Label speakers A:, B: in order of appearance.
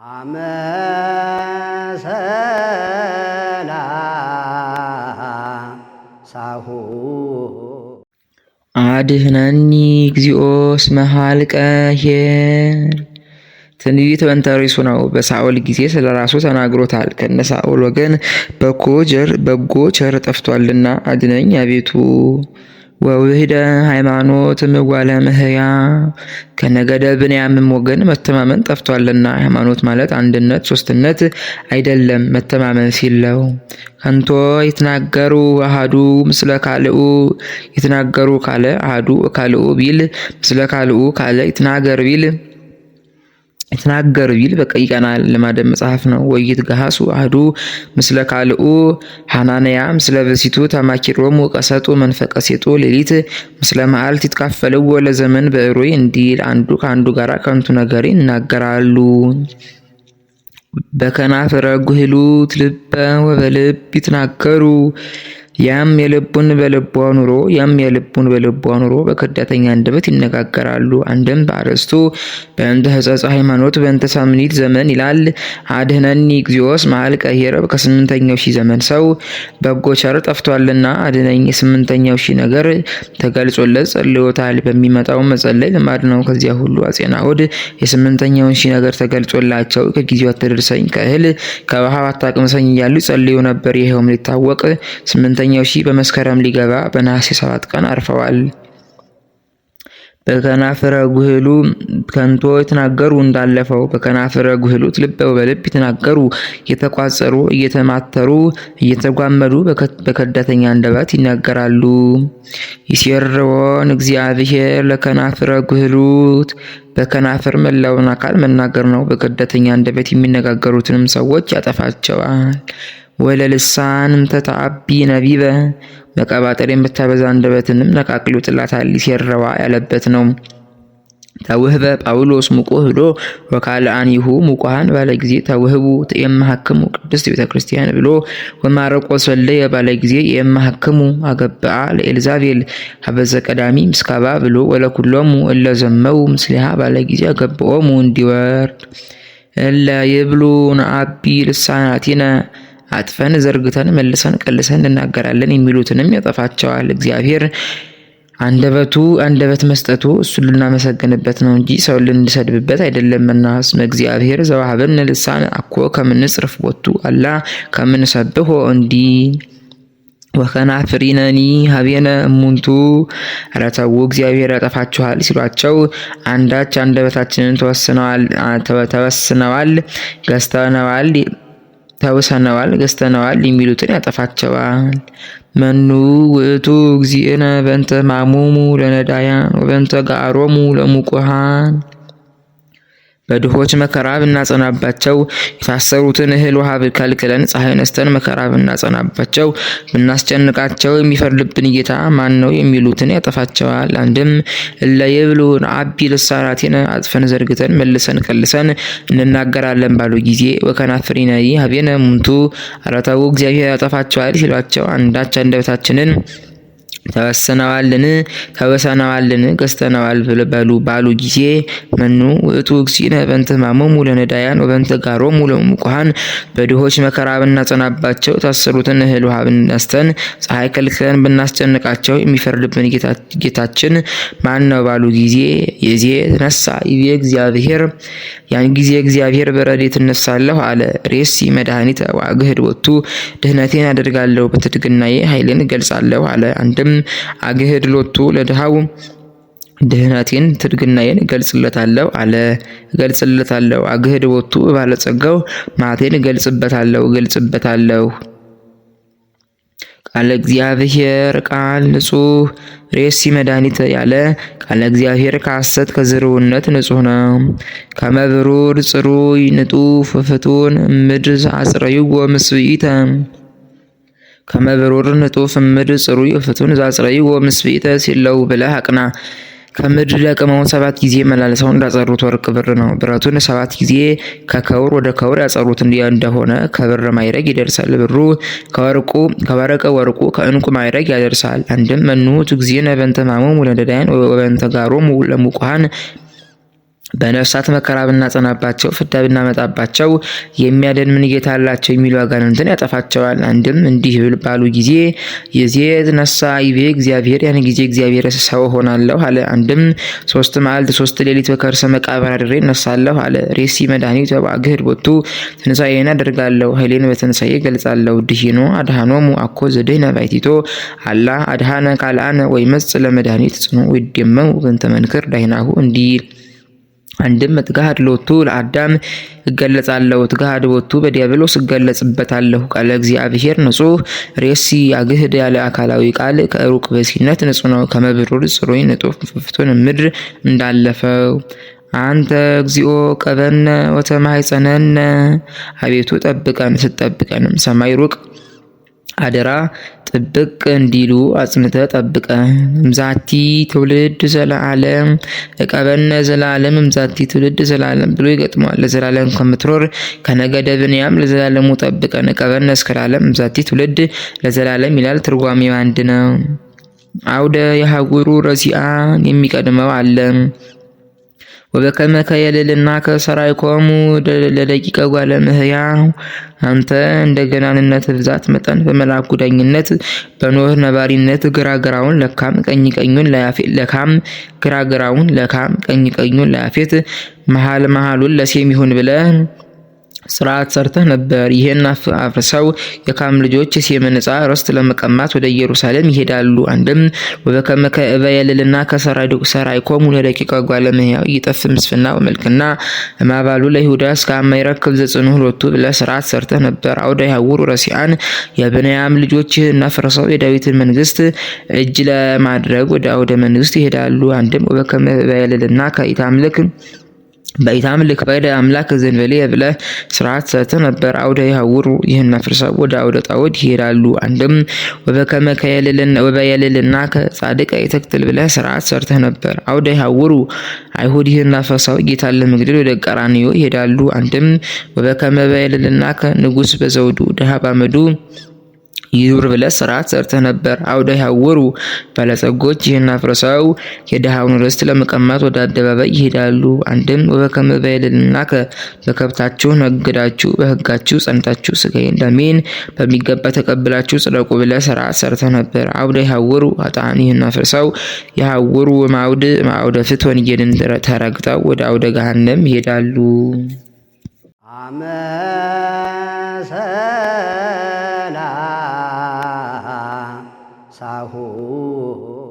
A: አድህነኒ
B: እግዚኦ እስመ ኀልቀ ትንቢት ነው። በሳኦል ጊዜ ስለ ራሱ ተናግሮታል። ከነ ሳኦል ወገን በጎ ቸር ጠፍቷልና አድነኝ አቤቱ። ወውህደ ሃይማኖት ምዋለ ምህያ ከነገደ ብንያምም ወገን መተማመን ጠፍቷልና ሃይማኖት ማለት አንድነት ሶስትነት አይደለም። መተማመን ሲለው ከንቶ ይትናገሩ አሃዱ ምስለ ካልኡ ይትናገሩ ካለ አሃዱ ካልኡ ቢል ምስለ ካልኡ ካለ ይትናገር ቢል ተናገር ይል በቀይ ይቀናል። ልማደ መጽሐፍ ነው። ወይት ገሃሱ አህዱ ምስለ ካልኡ ሃናንያ ምስለ በሲቱ ተማኪሮሙ ቀሰጡ መንፈቀ ሴጡ ሌሊት ምስለ መዓልት ይትካፈለው ወለ ዘመን በእሮይ እንዲል አንዱ ከአንዱ ጋራ ከንቱ ነገር ይናገራሉ። በከናፈረ ጉህሉት ልበ ወበልብ ይትናገሩ ያም የልቡን በልቧ ኑሮ ያም የልቡን በልቧ ኑሮ በከዳተኛ አንደበት ይነጋገራሉ። አንድም በአርእስቱ በእንተ ሕጸጸ ሃይማኖት በእንተ ሳምኒት ዘመን ይላል። አድህነኒ እግዚኦስ መሀል ቀየረብ ከስምንተኛው ሺህ ዘመን ሰው በጎ ቸር ጠፍቷልና አድነኝ። የስምንተኛው ሺህ ነገር ተገልጾለት ጸልዮታል። በሚመጣው መጸለይ ልማድ ነው። ከዚያ ሁሉ አጼና ሁድ የስምንተኛውን ሺህ ነገር ተገልጾላቸው ከጊዜው አትደርሰኝ ከእህል ከበሃ አታቅምሰኝ እያሉ ጸልዩ ነበር። ይኸውም ሊታወቅ ስምንተኛ አርበኛው ሺ በመስከረም ሊገባ በነሐሴ ሰባት ቀን አርፈዋል። በከናፍረ ጉህሉ ከንቶ የተናገሩ እንዳለፈው በከናፍረ ጉህሉት ልበው በልብ የተናገሩ እየተቋጸሩ እየተማተሩ እየተጓመዱ በከዳተኛ አንደበት ይናገራሉ። ይሴርዎን እግዚአብሔር ለከናፍረ ጉህሉት በከናፍር መላውን አካል መናገር ነው። በከዳተኛ አንደበት የሚነጋገሩትንም ሰዎች ያጠፋቸዋል። ወለልሳንም ተተአቢ ነቢበ መቀባጠር የምታበዛ አንደበትንም ነቃቅሎ ጥላታል ሲረዋ ያለበት ነው። ተውህበ ጳውሎስ ሙቁህ ብሎ ወካልአኒሁ ሙቁሃን ባለ ጊዜ ተውህቡ የማሐክሙ ቅድስት ቤተ ክርስቲያን ብሎ ወማረቆስ ወለየ ባለ ጊዜ የማሐክሙ አገብአ ለኤልዛቤል ሀበዘ ቀዳሚ ምስካባ ብሎ ወለኩሎሙ እለዘመው ምስሊሃ ባለ ጊዜ አገብኦሙ እንዲወርድ እለ ይብሉ ነአቢ ልሳናቲነ አጥፈን ዘርግተን መልሰን ቀልሰን እንናገራለን የሚሉትንም ያጠፋቸዋል። እግዚአብሔር አንደበቱ አንደበት መስጠቱ እሱን ልናመሰግንበት ነው እንጂ ሰው ልንሰድብበት አይደለምና። ስመ እግዚአብሔር ዘዋሃበነ ልሳን አኮ ከምንጽርፍ ቦቱ አላ ከምንሰብሖ እንዲ ወከናፍሪነኒ ሀቤነ እሙንቱ ረተው እግዚአብሔር ያጠፋችኋል ሲሏቸው አንዳች አንደበታችንን ተወስነዋል ተወስነዋል ገዝተነዋል ተውሰነዋል፣ ገዝተነዋል የሚሉትን ያጠፋቸዋል። መኑ ውእቱ እግዚእነ በእንተ ማሙሙ ለነዳያን ወበእንተ ጋሮሙ ለሙቁሃን በድሆች መከራ ብናጸናባቸው የታሰሩትን እህል ውሃ ከልክለን ፀሐይ ነስተን መከራ ብናጸናባቸው ብናስጨንቃቸው የሚፈርድብን ጌታ ማን ነው የሚሉትን ያጠፋቸዋል። አንድም እለ አቢ ልሳናቲነ አጥፈን ዘርግተን መልሰን ቀልሰን እንናገራለን ባሉ ጊዜ ወከናፍሪነ ሀቤነ ሙንቱ አረታው እግዚአብሔር ያጠፋቸዋል ሲሏቸው አንዳች አንደበታችንን ተወሰነዋልን ተወሰነዋልን ገዝተነዋል በሉ ባሉ ጊዜ መኑ ውእቱ እግዚእነ በእንተ ሕማሞሙ ለነዳያን ወበእንተ ጋሮሙ ለሙቁሃን በድሆች መከራ ብናጸናባቸው ታሰሩትን እህል ውሃ ብናስተን ፀሐይ ከልክለን ብናስጨንቃቸው የሚፈርድብን ጌታችን ማን ነው ባሉ ጊዜ የዜ ተነሳ ይዜ እግዚአብሔር ያን ጊዜ እግዚአብሔር በረድኤት እነሳለሁ አለ። ሬሲ መድኃኒተ ዋግህድ ወቱ ድህነቴን አደርጋለሁ በትድግናዬ ኃይሌን እገልጻለሁ አለ። አንድም አግህድ ሎቱ ለድሃው ድህነቴን ትድግናዬን እገልጽለታለሁ አለ እገልጽለታለሁ። አግህድ ሎቱ ባለጸጋው ማቴን እገልጽበታለሁ እገልጽበታለሁ። ቃለ እግዚአብሔር ቃል ንጹህ ሬሲ መድኃኒት ያለ ቃለ እግዚአብሔር ከሐሰት ከዝርውነት ንጹህ ነው። ከመብሩር ጽሩይ ንጡፍ ፍቱን ምድር አጽረዩ ምስብኢተ ከመብሩር ንጡፍ እምድ ጽሩይ ፍቱን ዛጽረይ ወምስቤተ ሲለው ብለህ አቅና። ከምድር ለቅመውን ሰባት ጊዜ መላልሰው እንዳጸሩት ወርቅ ብር ነው። ብረቱን ሰባት ጊዜ ከከውር ወደ ከውር ያጸሩት እንዲ እንደሆነ ከብር ማይረግ ይደርሳል። ብሩ ከወርቁ ከወረቀ ወርቁ ከእንቁ ማይረግ ያደርሳል። አንድም መኑ ትግዚእነ በእንተ ማሙም ወለነዳያን ወበንተ ጋሮም ለሙቋሃን በነፍሳት መከራ ብናጸናባቸው ፍዳ ብናመጣባቸው የሚያደን ምን ጌታ አላቸው የሚሉ አጋንንትን ያጠፋቸዋል። አንድም እንዲህ ባሉ ጊዜ የዚህ ነሳ ይቤ እግዚአብሔር ያን ጊዜ እግዚአብሔር ሰው ሆናለሁ አለ። አንድም ሶስት መዓልት ሶስት ሌሊት በከርሰ መቃብር አድሬ እነሳለሁ አለ። ሬሲ መድኃኒት በባግህድ ቦቱ ትንሳኤን አደርጋለሁ ኃይሌን በትንሳኤ ገልጻለሁ። ድሂኖ አድሃኖሙ አኮ ዘድህነ ባይቲቶ አላ አድሃነ ካልአነ ወይ መጽ ለመድኃኒት ጽኑ ወይ ደመው በንተመንክር ዳይናሁ እንዲል አንድም እትጋሃድ ሎቱ ለአዳም እገለጻለሁ እትጋሃድ ቦቱ በዲያብሎስ እገለጽበታለሁ ቃለ እግዚአብሔር ንጹህ ሬሲ አግህድ ያለ አካላዊ ቃል ከሩቅ በሲነት ንጹህ ነው ከመብሩር ጽሩይ ንጡፍ ፍፍቱን ምድር እንዳለፈው አንተ እግዚኦ ቀበነ ወተማይ ጸነነ አቤቱ ጠብቀን ስጠብቀንም ሰማይ ሩቅ አደራ ጥብቅ እንዲሉ አጽንተ ጠብቀ እምዛቲ ትውልድ ዘለዓለም እቀበነ ዘላለም እምዛቲ ትውልድ ዘላለም ብሎ ይገጥመዋል። ለዘላለም ከምትኖር ከነገደ ብንያም ለዘላለሙ ጠብቀን እቀበነ እስከላለም እምዛቲ ትውልድ ለዘላለም ይላል። ትርጓሜው አንድ ነው። አውደ የሀጉሩ ረሲአ የሚቀድመው አለ። ወበከመከ የልልና ከሰራይኮሙ ለደቂቀ ጓለ ምህያ አንተ እንደ ገናንነት ብዛት መጠን በመልአኩ ዳኝነት በኖህ ነባሪነት ግራግራውን ለካም ቀኝ ቀኙን ለያፌት ለካም ግራግራውን ለካም ቀኝ ቀኙን ለያፌት መሃል መሃሉን ለሴም ይሁን ብለን ስርዓት ሰርተህ ነበር። ይህን አፍርሰው የካም ልጆች የሴምን ዕፃ ርስት ለመቀማት ወደ ኢየሩሳሌም ይሄዳሉ። አንድም ወበከመ ከእበየልልና ከሰራይኮሙ ለደቂቀ ጓለ እመሕያው ይጠፍ ምስፍና ወመልክና እማባሉ ለይሁዳ እስከ አማይረክብ ዘጽኑ ሁለቱ ብለህ ስርዓት ሰርተህ ነበር። አውደ ያውሩ ረሲአን የብንያም ልጆች ይህን አፍርሰው የዳዊትን መንግስት እጅ ለማድረግ ወደ አውደ መንግስት ይሄዳሉ። አንድም ወበከመ እበየልልና ከኢታምልክ በኢታምልክ በይደ አምላክ ዘንበሌየ ብለህ ስርዓት ሰተ ነበር። አውደ ይሃውሩ ይህን አፍርሰው ወደ አውደ ጣዖት ይሄዳሉ። አንድም ወበከመ ወበየልልና ከጻድቀ ይተክትል ብለ ስርዓት ሰርተ ነበር። አውደ ይሃውሩ አይሁድ ይህን አፈርሰው ጌታን ለመግደል ወደ ቀራንዮ ይሄዳሉ። አንድም ወበከመ በየልልና ከንጉስ በዘውዱ ድሃ ባመዱ ይኑር ብለህ ስርዓት ሰርተህ ነበር። አውደ ያወሩ ባለጸጎች ይህን አፍርሰው የድሃውን ርስት ለመቀማት ወደ አደባባይ ይሄዳሉ። አንድም ወበከመ በይልናከ በከብታችሁ ነግዳችሁ በህጋችሁ ጸንታችሁ ስጋዬን ደሜን በሚገባ ተቀብላችሁ ጽደቁ ብለህ ስርዓት ሰርተህ ነበር። አውደ ያወሩ አጣን ይህን አፍርሰው የሐውሩ ማውድ ማውደ ፍት ወንጌልን ተረግጠው ወደ አውደ ገሃነም ይሄዳሉ። हो